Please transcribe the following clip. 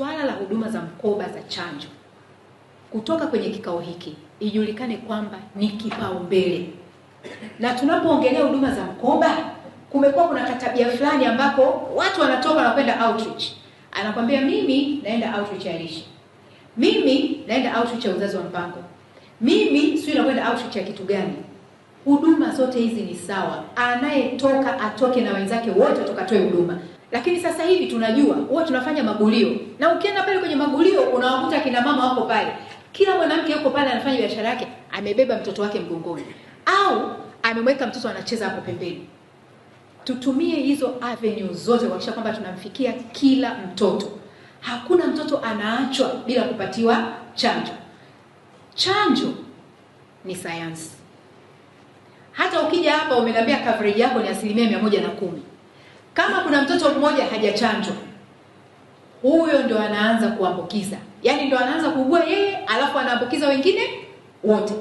Swala la huduma za mkoba za chanjo kutoka kwenye kikao hiki ijulikane kwamba ni kipaumbele, na tunapoongelea huduma za mkoba kumekuwa kuna katabia fulani ambako watu wanatoka na kwenda outreach, anakwambia mimi naenda outreach ya lishe, mimi naenda outreach ya uzazi wa mpango, mimi sio nakwenda outreach ya kitu gani. Huduma zote hizi ni sawa, anayetoka atoke na wenzake wote, watoka toe huduma. Lakini sasa hivi tunajua huwa tunafanya magulio, na ukienda pale kwenye magulio unawakuta kina mama wako pale, kila mwanamke yuko pale anafanya biashara yake, amebeba mtoto wake mgongoni au amemweka mtoto anacheza hapo pembeni. Tutumie hizo avenue zote kuhakikisha kwamba tunamfikia kila mtoto. Hakuna mtoto anaachwa bila kupatiwa chanjo. Chanjo ni sayansi. Hata ukija hapa umeniambia coverage yako ni asilimia mia moja na kumi. Kama kuna mtoto mmoja hajachanjwa, huyo ndo anaanza kuambukiza, yaani ndo anaanza kuugua yeye, alafu anaambukiza wengine wote.